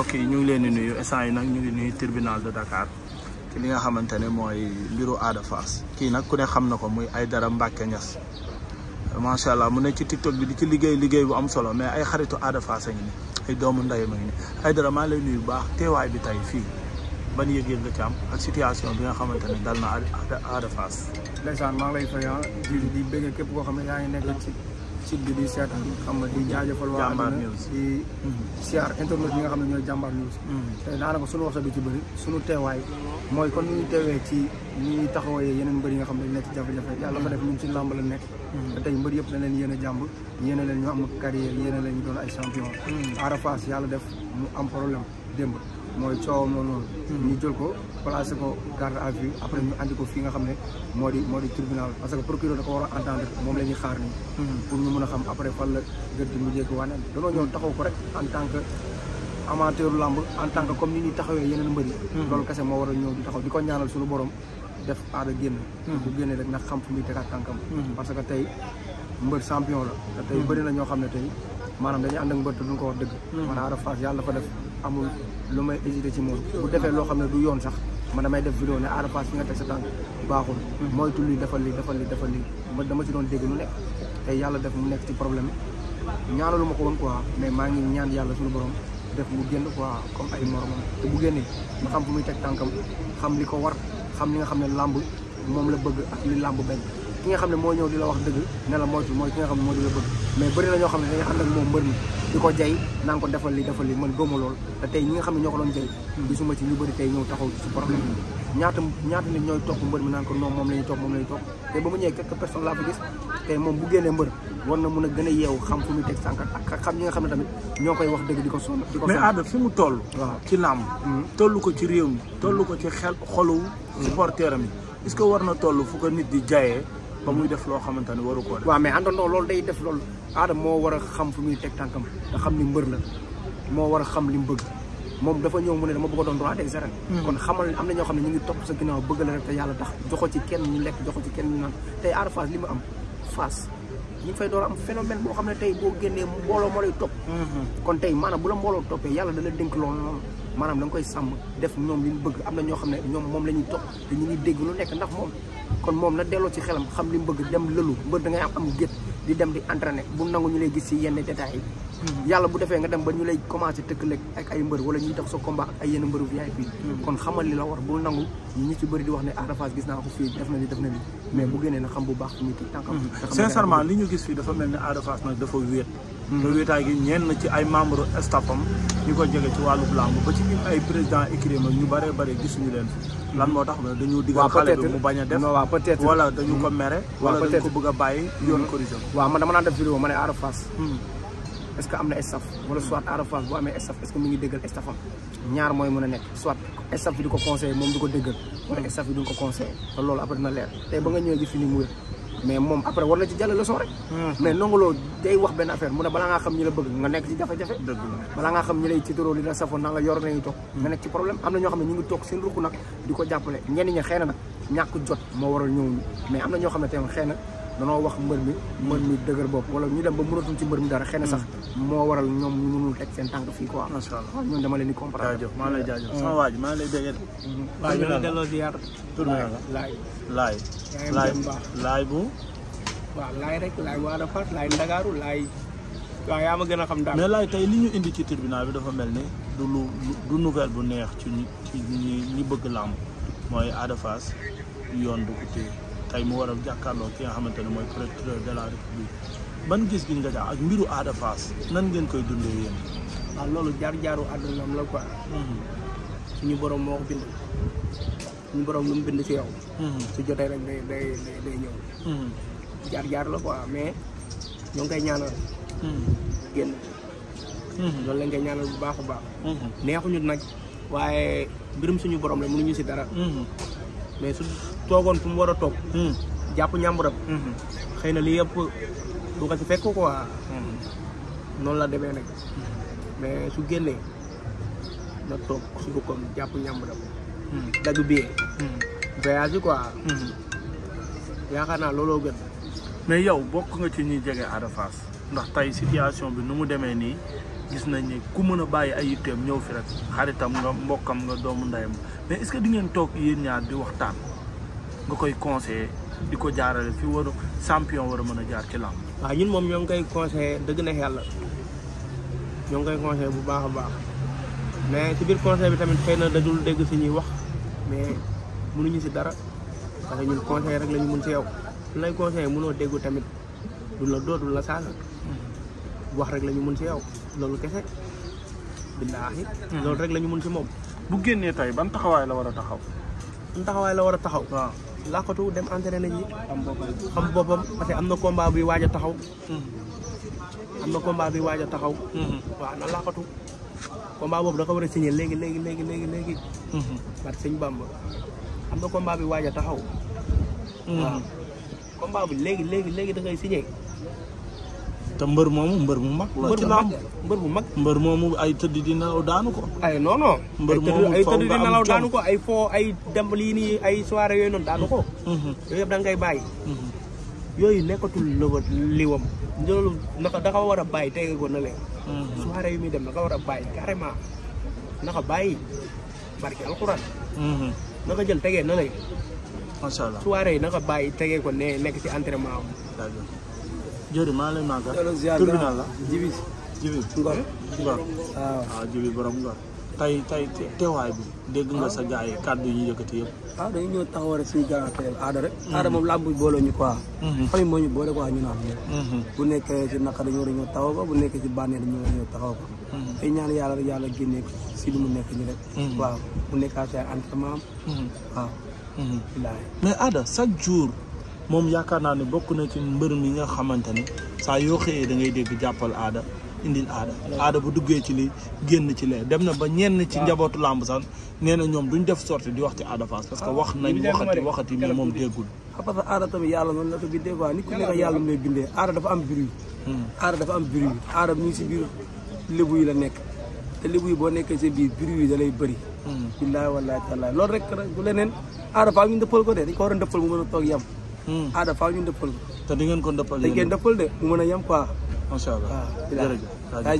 mbokk yi ñu ngi leen di nuyu instant yi nag ñu ngi nuyu tribunal de Dakar ci li nga xamante ne mooy mbiru Ada kii nag ku ne xam na ko muy ay dara Mbacke Niass macha allah mu ne ci TikTok bi di ci liggéey liggéey bu am solo mais ay xaritu Ada Fass a ngi ni ay doomu ndeyam a ngi ni Aïdara maa lay nuyu bu baax teewaay bi tey fii ba yëg-yëg nga ci am ak situation bi nga xamante ne dal na Ada Fass. ndeysaan maa ngi lay fay ah, di di bëgg képp koo xam ne yaa ngi nekk ci. site bi di seetaan xam nga di jaajëfal waa àddina di siyaar internet yi nga xam ne ñooy jàmbaar news mm. te daanaka suñu wax du ci bëri suñu teewaay mooy kon ñu teewee ci ñi taxawee yeneen mbër nga xam ne nekk ci jafe-jafe yàlla fa def ñun ci làmb la nekk mm. te tey mbër yëpp na leen yéen a jàmb yéen a leen ñu am carrière yéen a leen ñu doon ay champion mm. Ada yàlla def mu am problème démb mooy coow noonu ñu jël ko placé ko garde à vue après ñu andi ko fii nga xam ne moo di moo di tribunal parce que procureur da ko war a entendre moom la xaar nii. Mhm. pour ñu mën a xam après fan la gerte mu njëkk wane. danoo ñëw comme ni ñuy taxawee yeneen mbër yi. Mhm. loolu kese moo war di ko ñaanal suñu borom def aada génn. Mhm. bu génnee rek na xam fu muy tegaat tànkam. parce que tey mbër champion la. te tey bëri na ñoo xam ne tey maanaam dañuy ànd ak mbër te duñ ko wax dëgg. maanaam Ada Fass yàlla dafa def amul lu may hésité ci moom bu defee loo xam ne du yoon sax man damay def vidéo ne Ada Fass fi nga teg sa tànk baaxul moytu lii defal lii defal lii defal lii ma dama ci doon dégg lu nekk te yàlla def mu nekk ci problème ñaanalu ma ko woon quoi mais maa ngi ñaan yàlla suñu borom def mu génn quoi comme ay moromam te bu génnee ma xam fu muy teg tànkam xam li ko war xam li nga xam ne làmb moom la bëgg ak li làmb bañ ki nga xam ne moo ñëw di la wax dëgg ne la moytu mooy ki nga xam ne moo di la bëgg mais bëri la ñoo xam ne dañuy ak moom mbër di ko jay naa ko defal li defal li man gëma lool te tey ñi nga xam ne ñoo ko doon jay gisuma ci ñu bëri tey ñëw taxaw ci problème bi ñaata ñaata nit ñooy topp mbër mi naan ko non moom la ñuy topp moom la ñuy topp tey ba mu ñëwee quelques personnes fa gis tey moom bu génnee mbër na mun a gën xam fu muy teg sànq ak xam ñi nga xam tamit ñoo wax dëgg di ko sonn di ko mais ada fi mu toll waaw ci làmb mm-hmm. toll ko ci réew mi toll ko ci xel xolu mm-hmm. supporteram yi est ce que war na toll fu ko nit di jayee ba muy def loo xamante ne waru koo def. waaw mais àndandoo loolu day def loolu Adama moo war a xam fu muy teg tànkam te xam ni mbër la moo war a xam li mu bëgg moom dafa ñëw mu ne dama bëgg a doon roi des arènes. Hmm. kon xamal am na ñoo xam ne ñu ngi topp sa ginnaaw bëgg la rek te yàlla tax joxo lekk joxo ci kenn ñu naan tey Ada Fass li mu am Fass ñu fay door am phénomène boo xam ne tey boo génnee mbooloo moo lay topp. Hmm. kon tey maanaam bu mbooloo toppee yàlla da la dénk loolu noonu maanaam koy sàmm def ñoom li mu bëgg am na ñoo xam ne ñoom moom la ñuy topp te ñu ngi dégg lu nekk ndax moom kon moom na delloo si xelam xam li mu bëgg dem lëlu mbër da ngay am am gét di dem di entraîner bu nangu ñu lay gis si yenn détails yi hmm. yàlla bu defee nga dem ba ñu lay commencé tëkkaleeg ak ay mbër wala ñuy def sa combat ak ay yenn mbëru VIP hmm. kon xamal li la war bul nangu ñi ñu ci bëri di wax ne Ada ah, gis naa ko fii def na li def na li mais bu génnee na xam bu baax ci ñi teg tànkam hmm. sincèrement li ñu gis fii dafa mel ne Ada Fass nag dafa te wéetaay gi ñenn ci ay membre staffam ñu ko jege ci wàllu làmb ba ci ay président écrim ñu bëree bëri gisuñu leen fi lan moo tax dañu digal xale bi mu bañ def waaw wala dañu ko mere wala dañu ko bëgg a bàyyi yoon corrigé waaw man dama naan def vidéo ma ne Ada Fass hmm. est-ce que am na staff wala soit Ada bu amee staff est-ce que mu ngi déggal staffam ñaar mooy mën a nekk soit staff bi di ko conseillé moom di ko déggal wala staff ko conseillé te loolu après na leer tey ba nga ñëwee ji fi mais moom après war na ci jël leçon rek. Hmm. mais Ndongo Lo day wax benn affaire mu ne balaa ngaa xam ñi la bëgg nga nekk ci jafe-jafe. dëgg la xam ñi lay tiitaroo li la safoo na la toog. Hmm. nga nekk ci problème am na ñoo xam ne ñu ngi toog seen ruq nag di ko jàppale ñenn ñi xëy na nag ñàkk jot moo war ñëw ñu mais am na ñoo xam ne tamit xëy na danoo wax mbër mi mbër mi dëgër bopp wala ñu dem ba mënatuñ ci mbër mi dara xëy na sax mm. moo waral ñoom ñu mënul teg seen tànk fii quoi macha allah ñun dama leen di comprendre jaajëf maa lay jaajëf mm. sama waaj maa waa mm-hmm. ñu la delloo ziar tur bi laay laay laay laay bu waaw laay rek laay waa dafa laay ndagaaru laay waaw yaa ma gën a xam daal mais laay tey li ñu indi ci tribunal bi dafa mel ni du lu du nouvelle bu neex ci ñu ci ñi bëgg làmb mooy Ada Fass yoon du ko téye tey mu war a jàkkaarloo ki nga xamante ne mooy procureur de la république ban gis bi nga jaax ak mbiru Ada Fass nan ngeen koy dundee yéen. waaw loolu jaar-jaaru àddunaam la quoi. Mhm. suñu borom moo ko bind. borom lu mu si yow. Mhm. su jotee rek day day ñëw. Mhm. jaar-jaar la quoi mais ñoo ngi koy ñaanal. génn loolu lañ koy ñaanal bu baax a baax. neexuñu nag waaye mbirum suñu borom la mënuñu si dara. mais su toogoon fu mu war a toog. Hmm. jàpp ñàmburam. Hmm. xëy na li yëpp du ko ci fekk quoi. Hmm. noonu la demee nag mais su génnee na toog su ko comme jàpp ñàmburam. dagg biyee. voyage yi quoi. yaakaar naa looloo gën. mais yow bokk nga ci ñuy jege Ada ndax tey situation bi nu mu demee nii. gis nañ ne ku mëna a ay yitteem ñëw fi rek xaritam nga mbokam nga doomu ndeyam mais est ce que di ngeen tok yeen ñaar di waxtaan nga koy conseiller diko ko jaarale fi waru champion war mëna jaar ci lamb wa ñun mom ñong koy conseiller deug na yàlla ñong koy conseiller bu baaxa baax mais ci bir conseiller bi tamit xëy na deug ci ñi wax mais mënu ñu ci dara parce que ñun conseiller rek lañu mën ci yow lay conseiller mëno deggu tamit du la doo la saaga mm-hmm. wax rek lañu mën ci yow loolu kese billaahi loolu rek la ñu mun ci moom bu génnee tay ban taxawaay la war a taxaw ban taxawaay la war a taxaw waaw làkkatu dem entraîné ji xam boppam parce que am na combat bi waaj a taxaw hmm. am na combat bi waaj a taxaw hmm. waaw na làkkatu combat boobu war a signé léegi léegi léegi léegi léegi hmm. sëñ Bamba am na combat bi waaj a taxaw waaw combat léegi léegi léegi da ngay signé te mbër moomu mbër mu mag. mbër bu mag mbër bu mag. mbër moomu ay tëdd di nelaw daanu ko. mbër moomu ay tëdd di nelaw daanu ko ay foo ay dem yi nii ay soirée yooyu noonu daanu ko. Mm-hmm. yooyu yëpp da ngay bàyyi. Mm-hmm. yooyu nekkatul lëwët liwam loolu naka da war a bàyyi tege ko na leen. Mm-hmm. soirée yu muy dem war a bàyyi carrément naka bàyyi barke alxuraan. naka jël tege na leen. macha allah yi naka bàyyi tege ko ne nekk ci entraînement am. jërëjëf maa lay màggal. tur bi nan la Jibi. Jibi Ngor ah, Ngor. waaw waaw Jibi bi. dégg nga ah. sa gars yi kàddu yi ñu yëkkati yëpp. ah dañu ñëw taxaw rek suñu garanteer aada rek. aada mm-hmm. moom làmb boole ñu quoi. Mm-hmm. famille moo ñu boole quoi ñu naan. Mm-hmm. bu nekkee ci naqar dañu war a ñëw taxaw ko bu nekkee ci bànneex dañu war a ñëw taxaw ko. tey ñaan yàlla yàlla génne si li mu nekk ñu rek. waaw mu nekkaat ay entraînement am. waaw. mais aada chaque jour. mom yakarna ni bokku na ci mbër mi nga xamante sa yo xeye da ngay deg jappal aada indil aada aada bu duggé ci li genn ci lee dem na ba ñenn ci njabotu lamb san nee ñom duñ def sorti di wax ci aada fas parce que ah, wax nañ waxati waxati mi mom déggul ah, parce que aada tam yalla non la ko bindé quoi nit ku nekk yàlla mu lay bindee aada dafa am biru hmm. aada dafa am biru aada mi ci biru biir yi la nek te lébu yi boo nekkee si biir bruit yi da lay bëri hmm. billaahi wallaahi taalaa loolu rek bu lenen aada fa ngi ndeppal ko de dañ ko wara ndeppal mu mën tok yam aada faaw ñu dëppal ko. te di ngeen ko dëppal. te ngeen dëppal de mu mën a yem quoi.